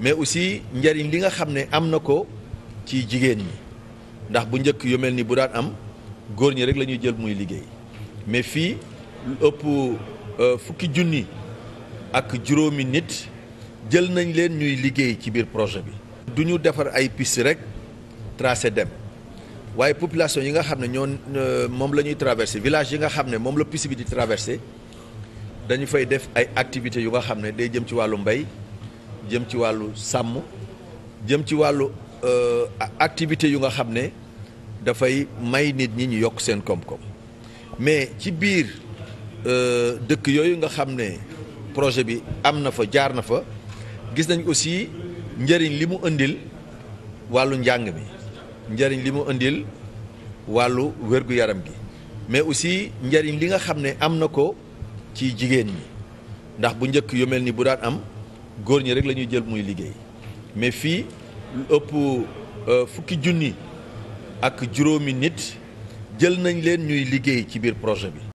mais aussi njariñ li nga xam ne am na ko ci jigéen ñi ndax bu njëkk yu mel ni bu daan am góor ñi rek la ñuy jël muy liggéey mais fii lu ëpp euh, fukki junni ak juróomi nit jël nañ leen ñuy liggéey ci biir projet bi. du ñu defar ay piste rek tracé dem waaye population yi nga xam ne ñoo euh, moom la ñuy traversé village yi nga xam ne moom la piste bi di traversé dañu fay def ay activités yu nga xam ne day jëm ci wàllu mbay. jëm ci wàllu sàmm jëm ci wàllu euh, activité yu nga xam ne dafay may nit ñi ñu yokk seen koom-koom mais ci biir euh, dëkk yooyu nga xam ne projet bi am na fa jaar na fa gis nañ aussi njëriñ li mu indil wàllu njàng mi njëriñ li mu indil wàllu wér-gu-yaram gi mais aussi njëriñ li nga xam ne am na ko ci jigéen ñi ndax bu njëkk yu mel ni bu daan am góor ñi rek la ñuy jël muy liggéey mais fii lu ëpp euh, fukki junni ak juróomi nit jël nañ leen ñuy liggéey ci biir projet bi.